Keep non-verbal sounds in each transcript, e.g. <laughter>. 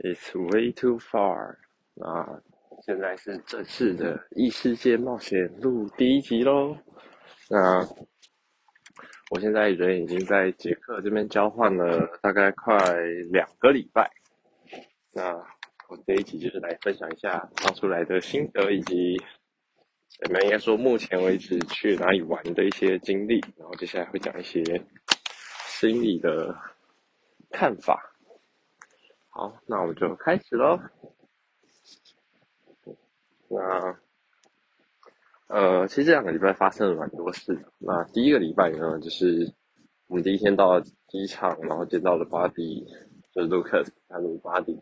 It's way too far。啊，現在是正式的異世界冒險錄第一集嘍。那我現在人已經在捷克這邊交換了大概快兩個禮拜。那我這一集就是來分享一下發出來的心得，以及怎麼應該說目前為止去哪裡玩的一些經歷。然後接下來會講一些心理的看法。好，那我們就開始嘍。那呃，其實這兩個禮拜發生了蠻多事的。那第一個禮拜呢，就是我們第一天到機場，然後見到了巴迪，就是 Lucas，他是巴迪。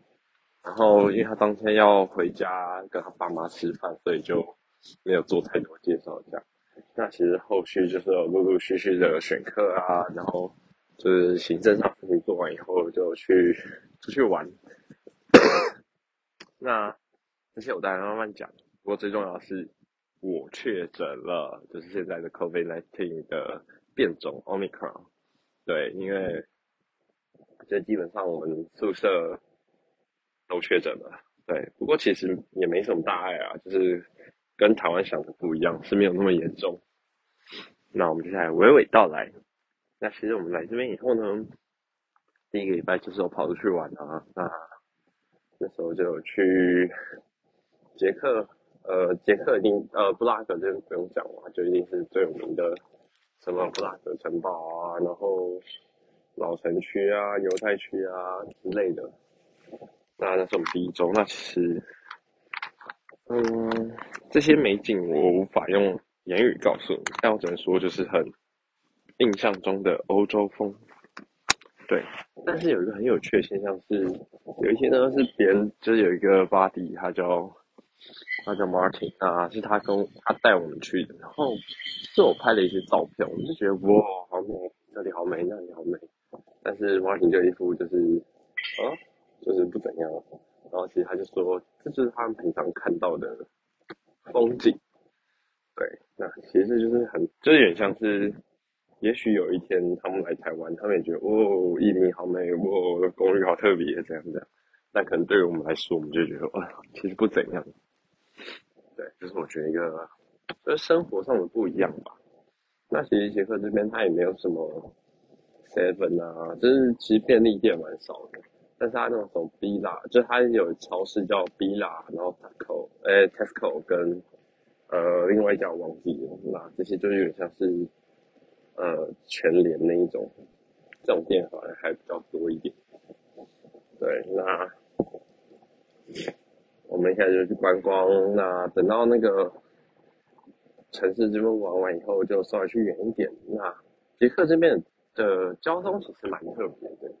然後因為他當天要回家跟他爸媽吃飯，所以就沒有做太多介紹。這樣，那其實後續就是有陸陸續續的選課啊，然後就是行政上東西做完以後就去。出去玩， <coughs> 那這些我再來慢慢講。不過最重要的是，我確診了，就是現在的 COVID-19 的變種 Omicron。對，因為這基本上我們宿舍都確診了。對，不過其實也沒什麼大礙啊，就是跟台灣想的不一樣，是沒有那麼嚴重。那我們接下來娓娓道來。那其實我們來這邊以後呢，第一個禮拜就是我跑出去玩啊，那那時候就有去捷克，呃，捷克已經，呃，布拉格就不用講了，就一定是最有名的什麼布拉格城堡啊，然後老城區啊、猶太區啊之類的。那那是我們第一週，那其實嗯，這些美景我無法用言語告訴你，但我只能說就是很印象中的歐洲風。對，但是有一個很有趣的現象是，有一些呢是別人，就是有一個 buddy 他叫他叫 Martin，啊，是他跟他帶我們去的，然後是我拍了一些照片，我就覺得哇，好美，這裡好美，那裡好美，但是 Martin 這一副就是啊，就是不怎樣，然後其實他就說，這、就是他們平常看到的風景，對，那其實就是很，就是、有點像是。也許有一天他們來台灣，他們也覺得哦，印尼好美，哦，公寓好特別，這樣這樣。但可能對於我們來說，我們就覺得哦，其實不怎樣。對，這、就是我覺得一個，就是生活上的不一樣吧。那其實捷克這邊他也沒有什麼 seven 啊，就是其實便利店蠻少的。但是他那種 Billa，就是他有超市叫 Billa，然後 Tesco，哎，Tesco 跟呃另外一家我忘記了，那這些就是有點像是。呃，全聯那一種，這種店好像還比較多一點。對，那我們現在就去觀光。那等到那個城市這邊玩完以後，就稍微去遠一點。那捷克這邊的交通其實蠻特別的，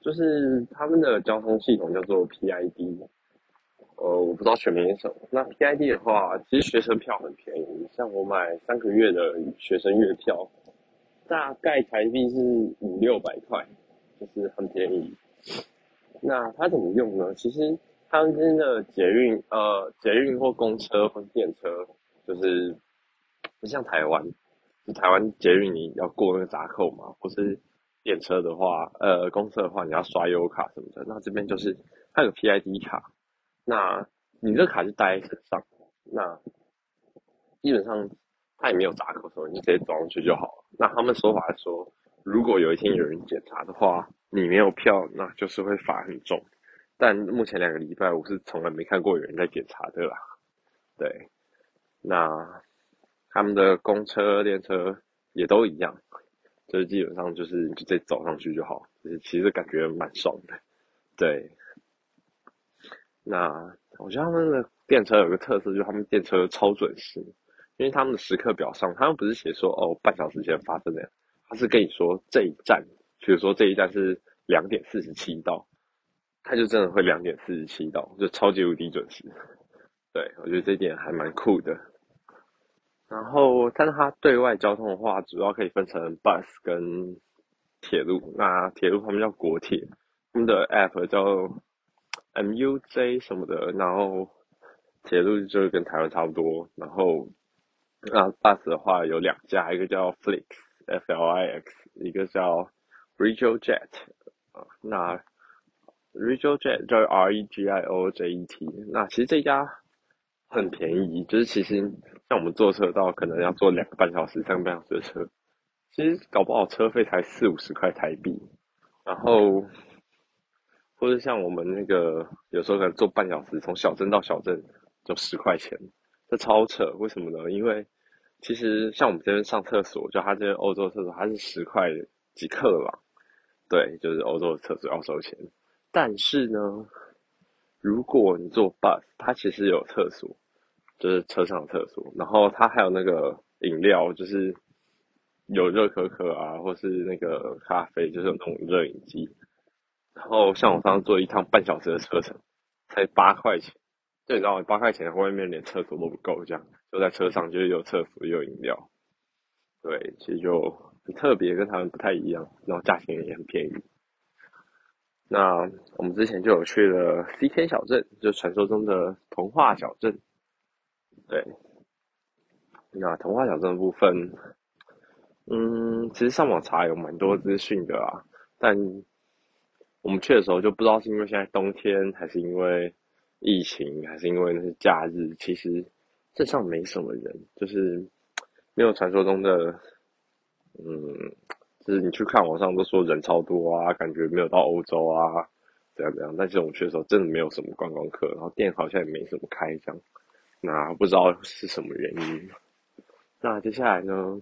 就是他們的交通系統叫做 PID。呃，我不知道全名什麼。那 PID 的話，其實學生票很便宜，像我買三個月的學生月票。大概台幣是五六百塊，就是很便宜。那它怎麼用呢？其實湯森的捷運呃，捷運或公車或電車，就是不像台灣，就台灣捷運你要過那個閘口嘛，或是電車的話，呃，公車的話你要刷悠卡什麼的。那這邊就是它有 PID 卡，那你這卡就帶在身上，那基本上。他也沒有閘口，說你直接走上去就好。那他們說法來說，如果有一天有人檢查的話，你沒有票，那就是會罰很重。但目前兩個禮拜，我是從來沒看過有人在檢查的啦。對，那他們的公車、電車也都一樣，就是基本上就是你直接走上去就好。其實感覺蠻爽的。對，那我覺得他們的電車有個特色，就是他們電車超準時。因為他們的時刻表上，他們不是寫說哦半小時前發生的，他是跟你說這一站，比如說這一站是兩點四十七到，他就真的會兩點四十七到，就超級無敵準時。對，我覺得這一點還蠻酷的。然後，但是它對外交通的話，主要可以分成 bus 跟鐵路。那鐵路他們叫國鐵，他們的 app 叫 M U J 什麼的。然後鐵路就跟台灣差不多，然後。那 bus 的話有兩家，一個叫 Flix，F L I X，一個叫 RegioJet。那 RegioJet 叫 R E G I O J E T。那其實這家很便宜，就是其實像我們坐車到可能要坐兩個半小時、三個半小時的車，其實搞不好車費才四五十塊台幣。然後或者像我們那個有時候可能坐半小時，從小鎮到小鎮就十塊錢。這超扯，為什麼呢？因為其實像我們這邊上廁所，就他這邊歐洲廁所，它是十塊幾克朗，對，就是歐洲的廁所要收錢。但是呢，如果你坐 bus，它其實有廁所，就是車上的廁所，然後它還有那個飲料，就是有熱可可啊，或是那個咖啡，就是有那種熱飲機。然後像我上次坐一趟半小時的車程，才八塊錢。對，然後八塊錢外面連廁所都不夠，這樣就在車上，就是有廁所，又有飲料。對，其實就很特別，跟他們不太一樣，然後價錢也很便宜。那我們之前就有去了 CK 小鎮，就是傳說中的童話小鎮。對，那童話小鎮的部分，嗯，其實上網查有蠻多資訊的啊，但我們去的時候就不知道是因為現在冬天，還是因為。疫情還是因為那些假日，其實鎮上沒什麼人，就是沒有傳說中的，嗯，就是你去看網上都說人超多啊，感覺沒有到歐洲啊，怎樣怎樣。但是我們去的時候真的沒有什麼觀光客，然後店好像也沒什麼開，這樣，那不知道是什麼原因。那接下來呢，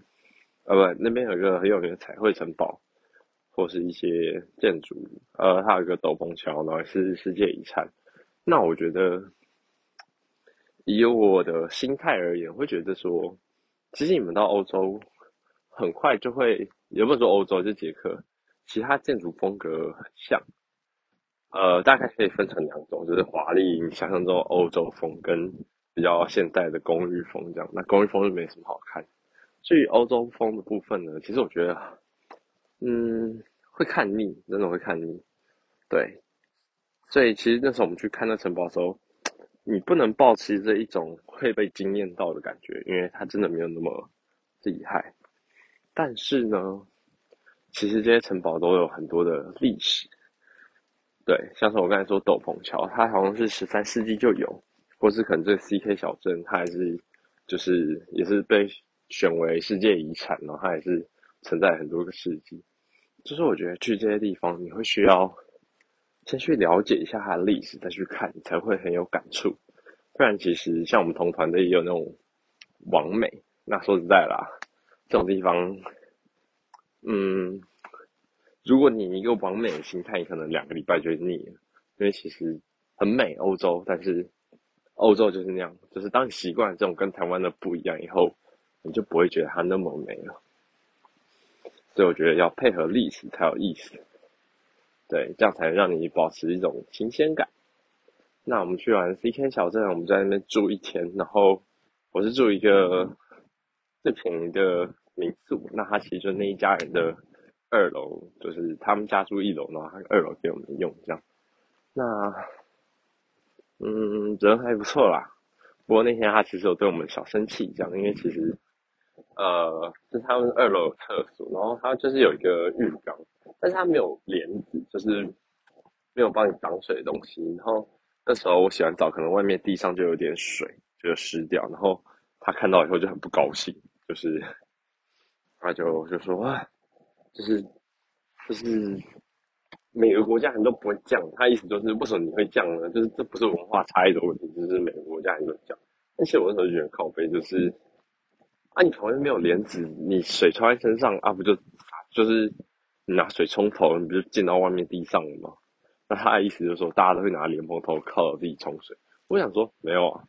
呃、啊，不，那邊有一個很有名的彩繪城堡，或是一些建築物，呃，還有一個斗篷橋，然後是世界遺產。那我覺得，以我的心態而言，會覺得說，其實你們到歐洲，很快就會有沒有說歐洲？就捷克，其他建築風格很像，呃，大概可以分成兩種，就是華麗，你想象中歐洲風跟比較現代的公寓風這樣。那公寓風就沒什麼好看，至於歐洲風的部分呢，其實我覺得，嗯，會看膩，真的會看膩，對。所以其實那時候我們去看那城堡的時候，你不能抱持着一種會被驚豔到的感覺，因為它真的沒有那麼厲害。但是呢，其實這些城堡都有很多的歷史。對，像是我剛才說斗篷橋，它好像是十三世紀就有，或是可能這 CK 小鎮，它還是，就是也是被選為世界遺產，然後它還是存在很多個世紀。就是我覺得去這些地方，你會需要。先去了解一下它的歷史，再去看才會很有感觸。不然其實像我們同團隊也有那種網美，那說實在啦，這種地方，嗯，如果你一個網美的心態，可能兩個禮拜就膩了。因為其實很美，歐洲，但是歐洲就是那樣，就是當你習慣這種跟台灣的不一樣以後，你就不會覺得它那麼美了。所以我覺得要配合歷史才有意思。對，這樣才能讓你保持一種新鮮感。那我們去完 CK 小鎮，我們就在那邊住一天，然後我是住一個最便宜的民宿。那他其實就那一家人的二樓，就是他們家住一樓，然後他二樓給我們用，這樣。那嗯，人還不錯啦。不過那天他其實有對我們小生氣，這樣，因為其實呃，就他們二樓有廁所，然後他就是有一個浴缸。但是他沒有簾子，就是沒有幫你擋水的東西。然後那時候我洗完澡，可能外面地上就有點水，就濕掉。然後他看到以後就很不高興，就是他就就說啊，就是就是每個國家人都不會降。他意思就是為什麼你會降呢？就是這不是文化差異的問題，就是每個國家人都降。而且我那時候覺得靠北，就是啊，你完全沒有簾子，你水穿在身上啊，不就就是。你拿水沖頭，你不是濺到外面地上了嗎？那他的意思就是說，大家都會拿蓮蓬頭靠着自己沖水。我想說，沒有啊，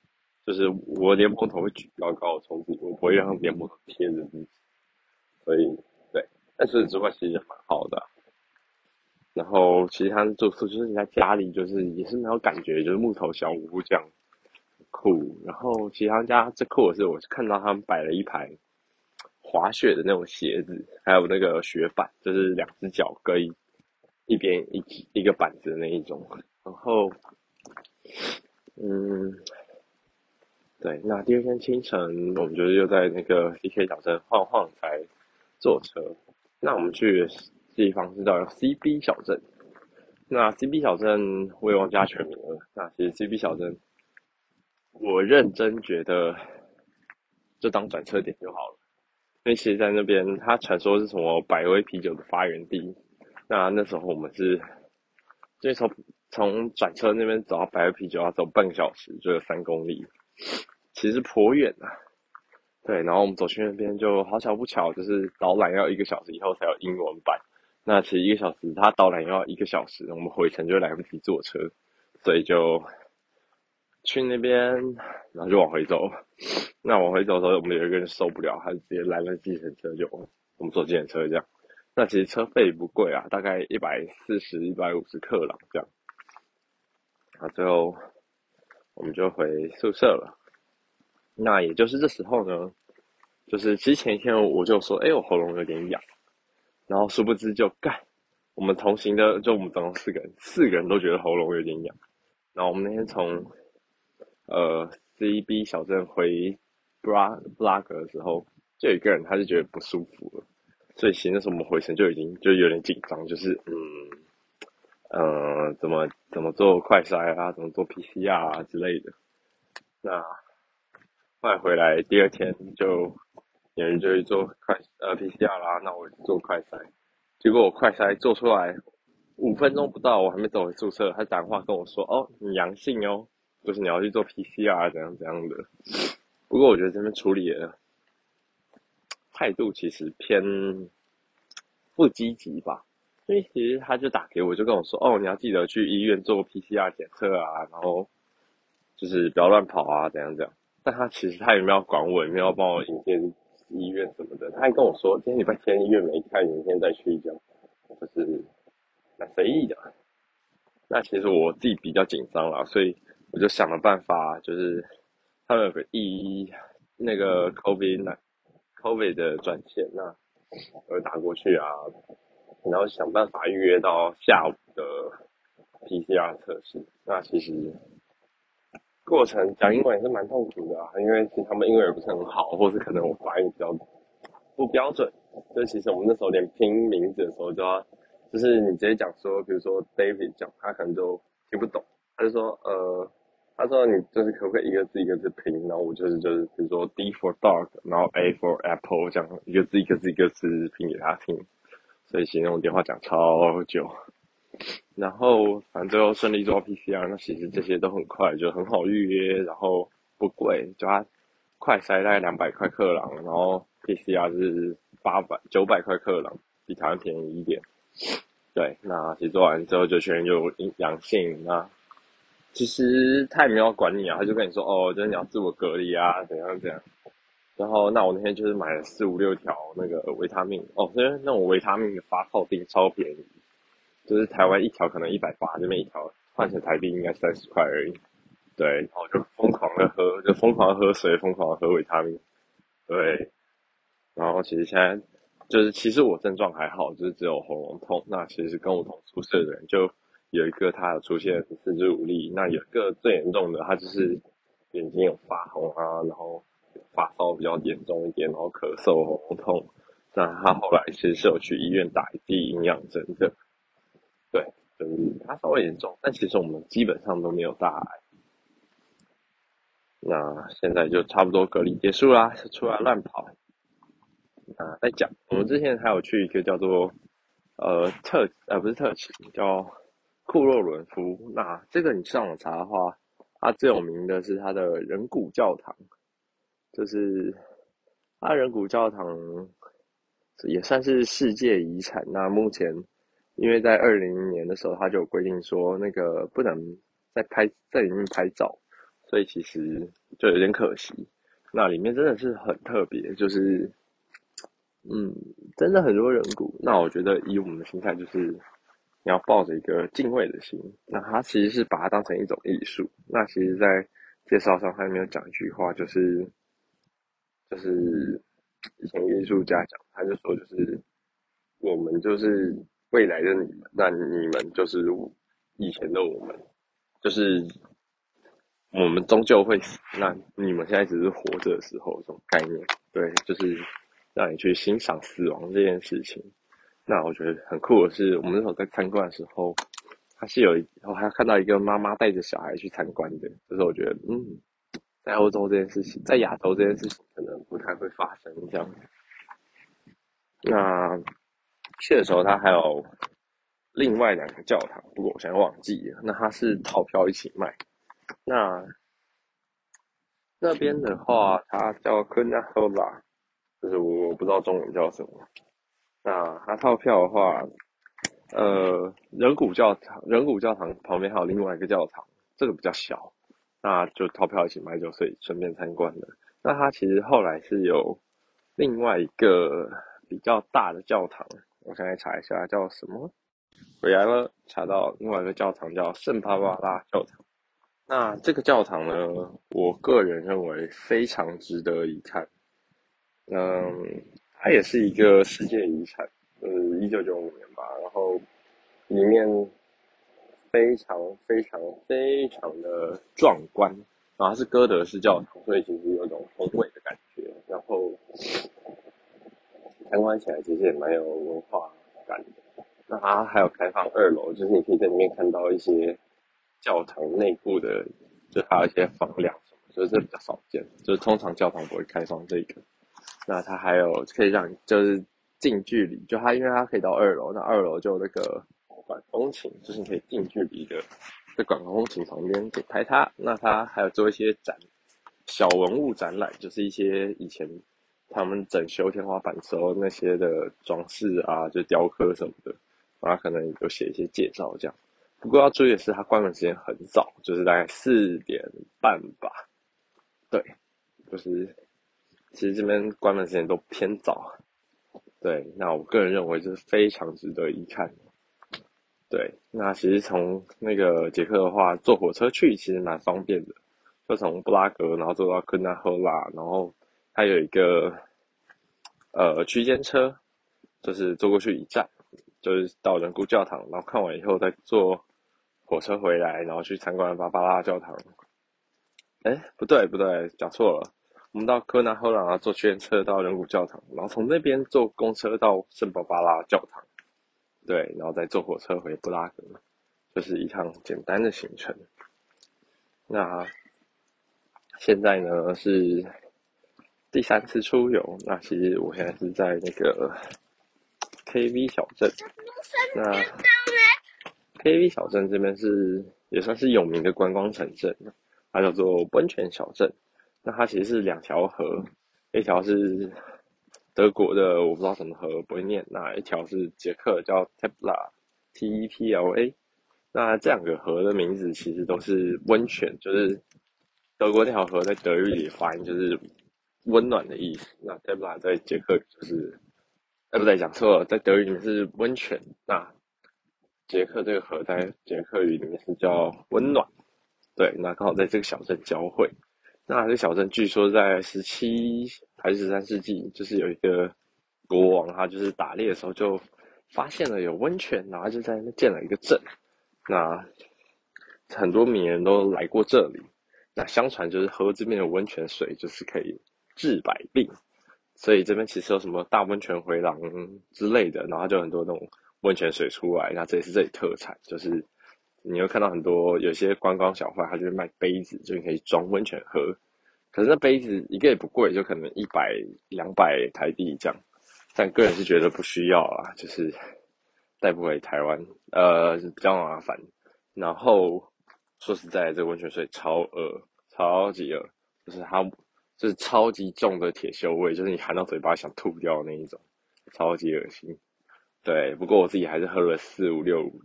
就是我蓮蓬頭會舉高高的沖自己，我不會讓蓮蓬頭貼着自己。所以，對。但是這塊其實蠻好的。然後，其實他們住宿就是你在家裡，就是也是沒有感覺，就是木頭小屋這樣酷。然後，其實他們家最酷的是，我是看到他們擺了一排。滑雪的那種鞋子，還有那個雪板，就是兩隻腳跟一一邊一一,一個板子的那一種。然後，嗯，對。那第二天清晨，我們就是又在那個 CK 小鎮晃晃才坐車。那我們去的地方是叫 CB 小鎮。那 CB 小鎮我也忘記它全名了。那其實 CB 小鎮，我認真覺得就當轉車點就好了。那其實在那邊，它傳說是什麼百威啤酒的發源地。那那時候我們是，就是從從轉車那邊走到百威啤酒要走半個小時，就有三公里，其實頗遠啊。對，然後我們走去那邊，就好巧不巧，就是導覽要一個小時以後才有英文版。那其實一個小時，它導覽要一個小時，我們回程就來不及坐車，所以就。去那邊，然後就往回走。那往回走的時候，我們有一個人受不了，他就直接攔了計程車就，就我們坐計程車這樣。那其實車費不貴啊，大概一百四十一百五十克朗這樣。那最後我們就回宿舍了。那也就是這時候呢，就是之前一天我就說：“哎、欸，我喉嚨有點癢。”然後殊不知就幹，我們同行的就我們總共四個人，四個人都覺得喉嚨有點癢。然後我們那天從。呃，C K 小鎮回布拉布拉格的時候，就有一個人他就覺得不舒服了，所以其實那時候我們回程就已經就有點緊張，就是嗯，呃，怎麼怎麼做快篩啊，怎麼做 P C R 啊之類的。那後來回來第二天就有人就做快呃 P C R 啦，那我就做快篩，結果我快篩做出來五分鐘不到，我還沒走回宿舍，他打電話跟我說，哦，你陽性哦。就是你要去做 PCR 怎樣怎樣的，不過我覺得這邊處理的態度其實偏不積極吧。所以其實他就打給我，就跟我說：“哦，你要記得去醫院做 PCR 檢測啊，然後就是不要亂跑啊，怎樣怎樣。”但他其實他也沒有管我，也沒有幫我引薦醫院什麼的。他還跟我說：“今天禮拜天醫院沒開，明天再去。”這樣就是蠻隨意的。那其實我自己比較緊張啦，所以。我就想了辦法，就是他們有個一那個 COVID COVID 的專線，那我就打過去啊，然後想辦法預約到下午的 PCR 測試。那其實過程講英文也是蠻痛苦的，啊，因為其實他們英文也不是很好，或是可能我發音比較不標準。所以其實我們那時候連拼名字的時候就要，就是你直接講說，比如說 David 講，他可能都聽不懂，他就說，呃。他說：“你就是可不可以一個字一個字拼？然後我就是就是，比如說 D for dog，然後 A for apple，這樣一個字一個字一個字拼給他聽。”所以其實我電話講超久。然後反正最後順利做 PCR，那其實這些都很快，就很好預約，然後不貴，就快篩，大概兩百塊克朗，然後 PCR 是八百九百塊克朗，比台灣便宜一點。對，那其實做完之後就全有就陽性那。其實他也沒有管你啊，他就跟你說哦，就是你要自我隔離啊，怎樣怎樣。然後那我那天就是買了四五六條那個維他命哦，因為那種維他命的發泡錠超便宜，就是台灣一條可能一百八，這邊一條換成台幣應該三十塊而已。對，然後就瘋狂的喝，就瘋狂喝水，瘋狂喝維他命。對，然後其實現在就是其實我症狀還好，就是只有喉嚨痛。那其實跟我同宿舍的人就。有一個他有出現四肢無力，那有一個最嚴重的，他就是眼睛有發紅啊，然後發燒比較嚴重一點，然後咳嗽喉嚨痛。那他後來其實是有去醫院打一劑營養針的，對，就是他稍微嚴重，但其實我們基本上都沒有大礙。那現在就差不多隔離結束啦，是出來亂跑。啊，再講，我們之前還有去一個叫做呃特呃不是特奇叫，庫洛倫夫，那這個你上網查的話，他最有名的是他的人骨教堂，就是他人骨教堂也算是世界遺產。那目前，因為在二零年的時候，他就有規定說那個不能在拍在裡面拍照，所以其實就有點可惜。那裡面真的是很特別，就是嗯，真的很多人骨。那我覺得以我們的心態就是。你要抱着一個敬畏的心，那他其實是把它當成一種藝術。那其實，在介紹上，他沒有講一句話，就是，就是以前藝術家講，他就說，就是我們就是未來的你們，那你們就是以前的我們，就是我們終究會死，那你們現在只是活着的時候，這種概念，對，就是讓你去欣賞死亡這件事情。那我覺得很酷的是，我們那時候在參觀的時候，他是有然後還看到一個媽媽帶着小孩去參觀的。就是我覺得，嗯，在歐洲這件事情，在亞洲這件事情可能不太會發生這樣。那去的時候，他還有另外兩個教堂，不過我想忘記了。那他是套票一起賣。那那邊的話，他叫 Kutná Hora，就是我我不知道中文叫什麼。那它套票的話，呃，人骨教堂，人骨教堂旁邊還有另外一個教堂，這個比較小，那就套票一起買就，可以順便參觀了。那它其實後來是有另外一個比較大的教堂，我現在查一下它叫什麼，回來了，查到另外一個教堂叫聖巴巴拉教堂。那這個教堂呢，我個人認為非常值得一看，嗯、呃。它也是一個世界遺產，嗯，一九九五年吧。然後裡面非常非常非常的壯觀，然後它是哥德式教堂，所以其實有一種宏偉的感覺。然後參觀起來其實也蠻有文化感的。那它還有開放二樓，就是你可以在裡面看到一些教堂內部的，就還有一些房梁，所、就、以、是、這比較少見，就是通常教堂不會開放這一個。那它還有可以讓你就是近距離，就它因為它可以到二樓，那二樓就那個管風琴，就是你可以近距離的在管風琴旁邊給拍它。那它還有做一些展，小文物展覽，就是一些以前他們整修天花板的時候那些的裝飾啊，就雕刻什麼的，然後他可能有寫一些介紹這樣。不過要注意的是，它關門時間很早，就是大概四點半吧。對，就是。其實這邊關門時間都偏早，對。那我個人認為就是非常值得一看，對。那其實從那個捷克的話，坐火車去其實蠻方便的，就從布拉格然後坐到昆納赫拉，然後還有一個呃區間車，就是坐過去一站，就是到人骨教堂，然後看完以後再坐火車回來，然後去參觀巴巴拉教堂。哎，不對，不對，講錯了。我們到庫特納霍拉啊，坐區間車到人骨教堂，然後從那邊坐公車到聖巴巴拉教堂，對，然後再坐火車回布拉格，就是一趟簡單的行程。那現在呢，是第三次出遊。那其實我現在是在那個 KV 小鎮。那 KV 小鎮這邊是也算是有名的觀光城鎮，它叫做溫泉小鎮。那它其實是兩條河，一條是德國的，我不知道什麼河，不會念；那一條是捷克叫 Tepla，T-E-P-L-A。那這兩個河的名字其實都是溫泉，就是德國那條河在德語裡發音就是“溫暖”的意思。那 Tepla 在捷克就是……哎，不對，講錯了，在德語裡面是溫泉。那捷克這個河在捷克語裡面是叫“溫暖”。對，那剛好在這個小鎮交匯。那這個小鎮據說在十七還是十三世紀，就是有一個國王，他就是打獵的時候就發現了有溫泉，然後就在那建了一個鎮。那很多名人都來過這裡，那相傳就是喝這邊的溫泉水就是可以治百病，所以這邊其實有什麼大溫泉迴廊之類的，然後就很多那種溫泉水出來，那這也是這裡特產，就是。你會看到很多有些觀光小販，他就是賣杯子，就是可以裝溫泉喝。可是那杯子一個也不貴，就可能一百兩百台幣這樣。但個人是覺得不需要啊，就是帶不回台灣，呃，比較麻煩。然後說實在的，這個溫泉水超惡，超級惡，就是它就是超級重的鐵鏽味，就是你含到嘴巴想吐掉那一種，超級惡心。對，不過我自己還是喝了四五六五。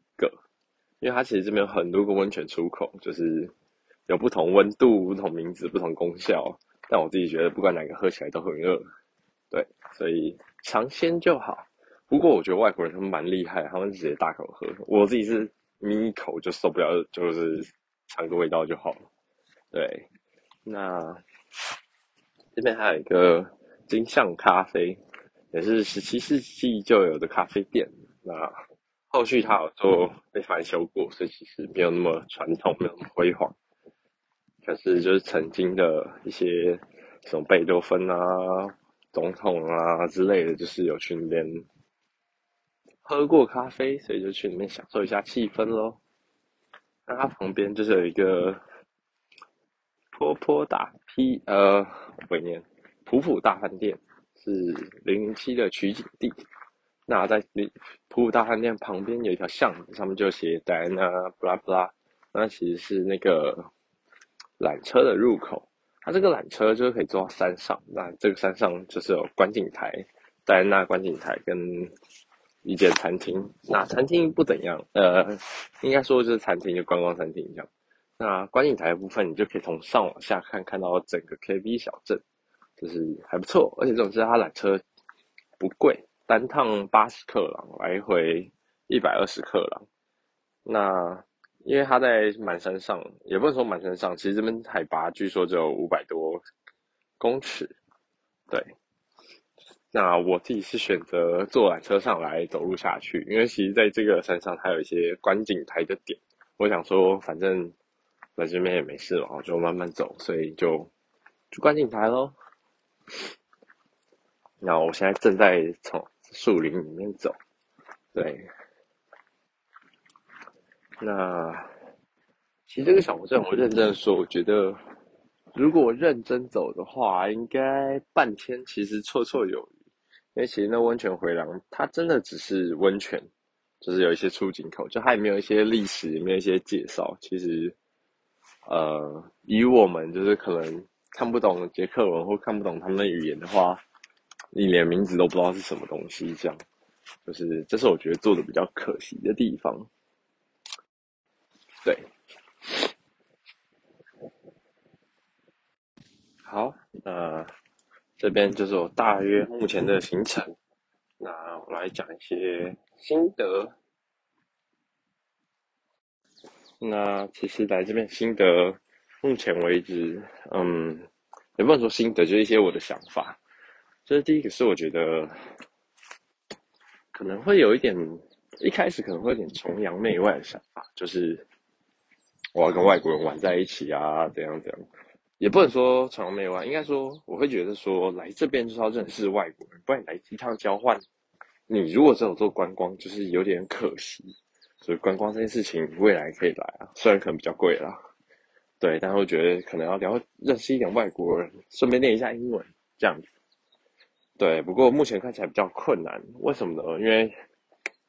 因為它其實這邊有很多個溫泉出口，就是有不同溫度、不同名字、不同功效。但我自己覺得，不管哪個喝起來都很熱。對，所以嘗鮮就好。不過我覺得外國人他們蠻厲害，他們直接大口喝。我自己是抿一口就受不了，就是嘗個味道就好了。對，那這邊還有一個金象咖啡，也是十七世紀就有的咖啡店。那後續它有做被翻修過，所以其實沒有那麼傳統，沒有那麼輝煌。可是就是曾經的一些什麼貝多芬啊、總統啊之類的，就是有去那邊喝過咖啡，所以就去裡面享受一下氣氛咯。那它旁邊就是有一個坡坡打 P，呃，我不會念普普大飯店，是零零七的取景地。那在普普大飯店旁邊有一條巷子，上面就寫戴安娜，布拉布拉。那其實是那個纜車的入口。它這個纜車就是可以坐到山上。那這個山上就是有觀景台，戴 <noise> 安娜觀景台跟一間餐廳。那餐廳不怎樣，呃，應該說就是餐廳，就觀光餐廳這樣。那觀景台的部分，你就可以從上往下看，看到整個 KV 小鎮，就是還不錯。而且總之它纜車不貴。單趟八十克朗，來回一百二十克朗。那因為它在滿山上，也不是說滿山上，其實這邊海拔據說只有五百多公尺。對。那我自己是選擇坐纜車上來，走路下去，因為其實在這個山上還有一些觀景台的點。我想說，反正來這邊也沒事了，我就慢慢走，所以就去觀景台嘍。那我現在正在從樹林裡面走，對。那其實這個小鎮，我認真說，我覺得如果認真走的話，應該半天其實綽綽有餘。因為其實那溫泉回廊，它真的只是溫泉，就是有一些出井口，就它也沒有一些歷史，也沒有一些介紹。其實，呃，以我們就是可能看不懂捷克文或看不懂他們的語言的話。你連名字都不知道是什麼東西，這樣，就是這是我覺得做的比較可惜的地方。對，好，那這邊就是我大約目前的行程。那我來講一些心得。那其實來這邊心得，目前為止，嗯，也不能說心得，就是一些我的想法。這、就是第一個，是我覺得可能會有一點，一開始可能會有點崇洋媚外的想法，就是我要跟外國人玩在一起啊，怎樣怎樣，也不能說崇洋媚外，應該說我會覺得說來這邊就是要認識外國人，不然你來一趟交換，你如果只有做觀光，就是有點可惜。所以觀光這件事情未來可以來啊，雖然可能比較貴啦，對，但是我覺得可能要聊，認識一點外國人，順便練一下英文這樣子。對，不過目前看起來比較困難。為什麼呢？因為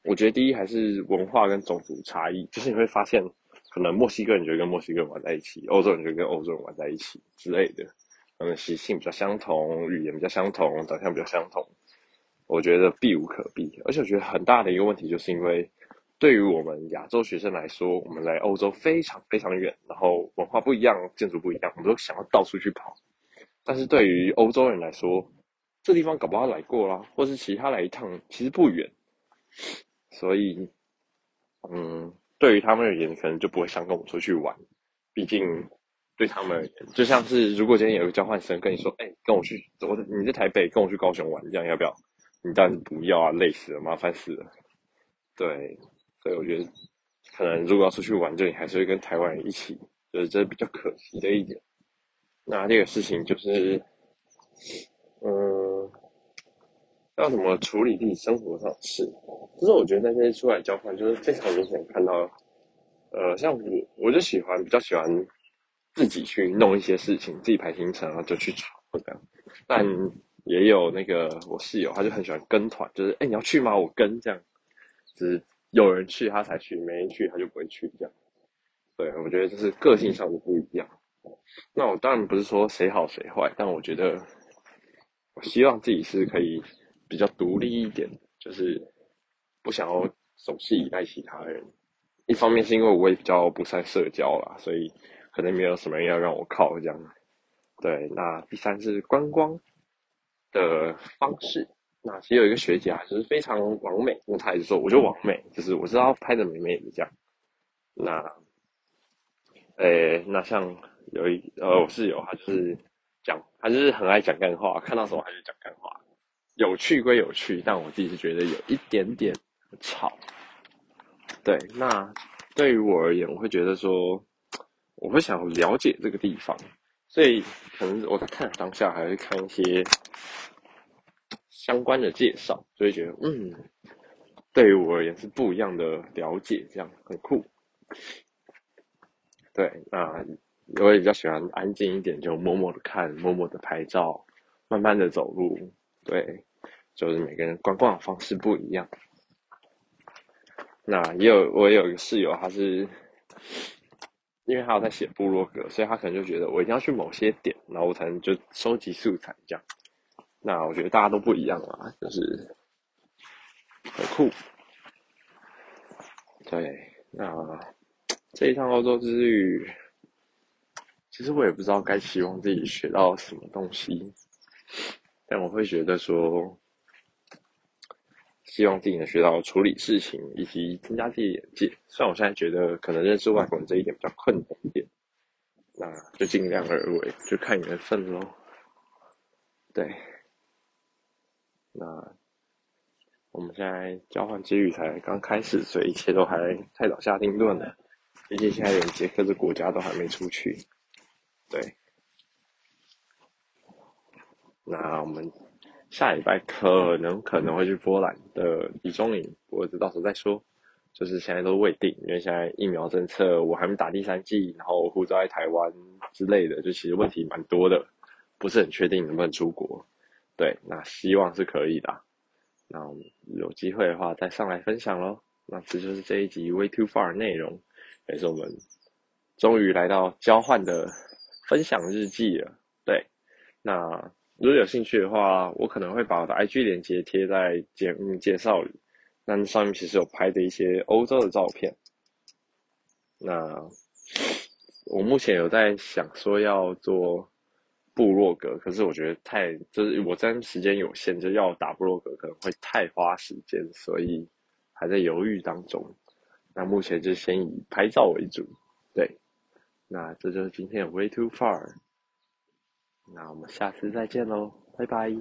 我覺得第一還是文化跟種族差異，就是你會發現，可能墨西哥人就跟墨西哥人玩在一起，歐洲人就跟歐洲人玩在一起之類的。他們、嗯、習性比較相同，語言比較相同，長相比較相同，我覺得避無可避。而且我覺得很大的一個問題，就是因為對於我們亞洲學生來說，我們來歐洲非常非常遠，然後文化不一樣，建築不一樣，我們都想要到處去跑。但是對於歐洲人來說，這地方搞不好來過啦，或是其他來一趟，其實不遠。所以，嗯，對於他們而言，可能就不會想跟我們出去玩。畢竟，對他們而言，就像是如果今天有個交換生跟你說：“哎、欸，跟我去，我在，你在台北，跟我去高雄玩，這樣要不要？”你當然是不要啊，累死了，麻煩死了。對，所以我覺得，可能如果要出去玩，就你還是會跟台灣人一起。就是這是比較可惜的一點。那這個事情就是，嗯。要怎麼處理自己生活上的事？就是我覺得那些出來交換，就是非常明顯看到，呃，像我，我就喜歡比較喜歡自己去弄一些事情，自己排行程，然後就去闖這樣。但也有那個我室友，他就很喜歡跟團，就是哎、欸，你要去嗎？我跟這樣，就是有人去他才去，沒人去他就不會去這樣。對，我覺得就是個性上的不一樣。那我當然不是說誰好誰壞，但我覺得，我希望自己是可以。比較獨立一點，就是不想要總是依賴其他人。一方面是因為我也比較不善社交啦，所以可能沒有什麼人要讓我靠這樣。對，那第三是觀光的方式。那其實有一個學姐啊，就是非常完美，因為她一直說我就完美，就是我知道拍的美美的這樣。那，欸、那像有一呃、哦，我室友他就是講，他就是很愛講幹話，看到什麼還是講幹話。有趣歸有趣，但我自己是覺得有一點點吵。對，那對於我而言，我會覺得說，我會想了解這個地方，所以可能我在看當下，還會看一些相關的介紹，所以覺得嗯，對於我而言是不一樣的了解，這樣很酷。對，那我也比較喜歡安靜一點，就默默的看，默默的拍照，慢慢的走路，對。就是每個人觀光的方式不一樣，那也有我也有一個室友，他是因為他有在寫部落格，所以他可能就覺得我一定要去某些點，然後我才能就收集素材這樣。那我覺得大家都不一樣啊，就是很酷。對，那這一趟歐洲之旅，其實我也不知道該希望自己學到什麼東西，但我會覺得說，希望自己能學到處理事情，以及增加自己的眼界。雖然我現在覺得可能認識外國人這一點比較困難一點，那就盡量而為，就看緣分嘍。對，那我們現在交換機遇才剛開始，所以一切都還太早下定論了。畢竟現在連捷克的國家都還沒出去。對，那我們。下禮拜可能可能會去波蘭的集中營，我到時候再說，就是現在都未定，因為現在疫苗政策我還沒打第三劑，然後護照在台灣之類的，就其實問題蠻多的，不是很確定能不能出國。對，那希望是可以的啊。那有機會的話再上來分享嘍。那這就是這一集 Way Too Far 的內容，也是我們終於來到交換的分享日記了。對，那。如果有興趣的話，我可能會把我的 IG 鏈接貼在節目、嗯、介紹裡。那上面其實有拍的一些歐洲的照片。那我目前有在想說要做部落格，可是我覺得太就是我這段時間有限，就要打部落格可能會太花時間，所以還在猶豫當中。那目前就先以拍照為主。對，那這就是今天的 Way Too Far。那我們下次再見嘍，拜拜。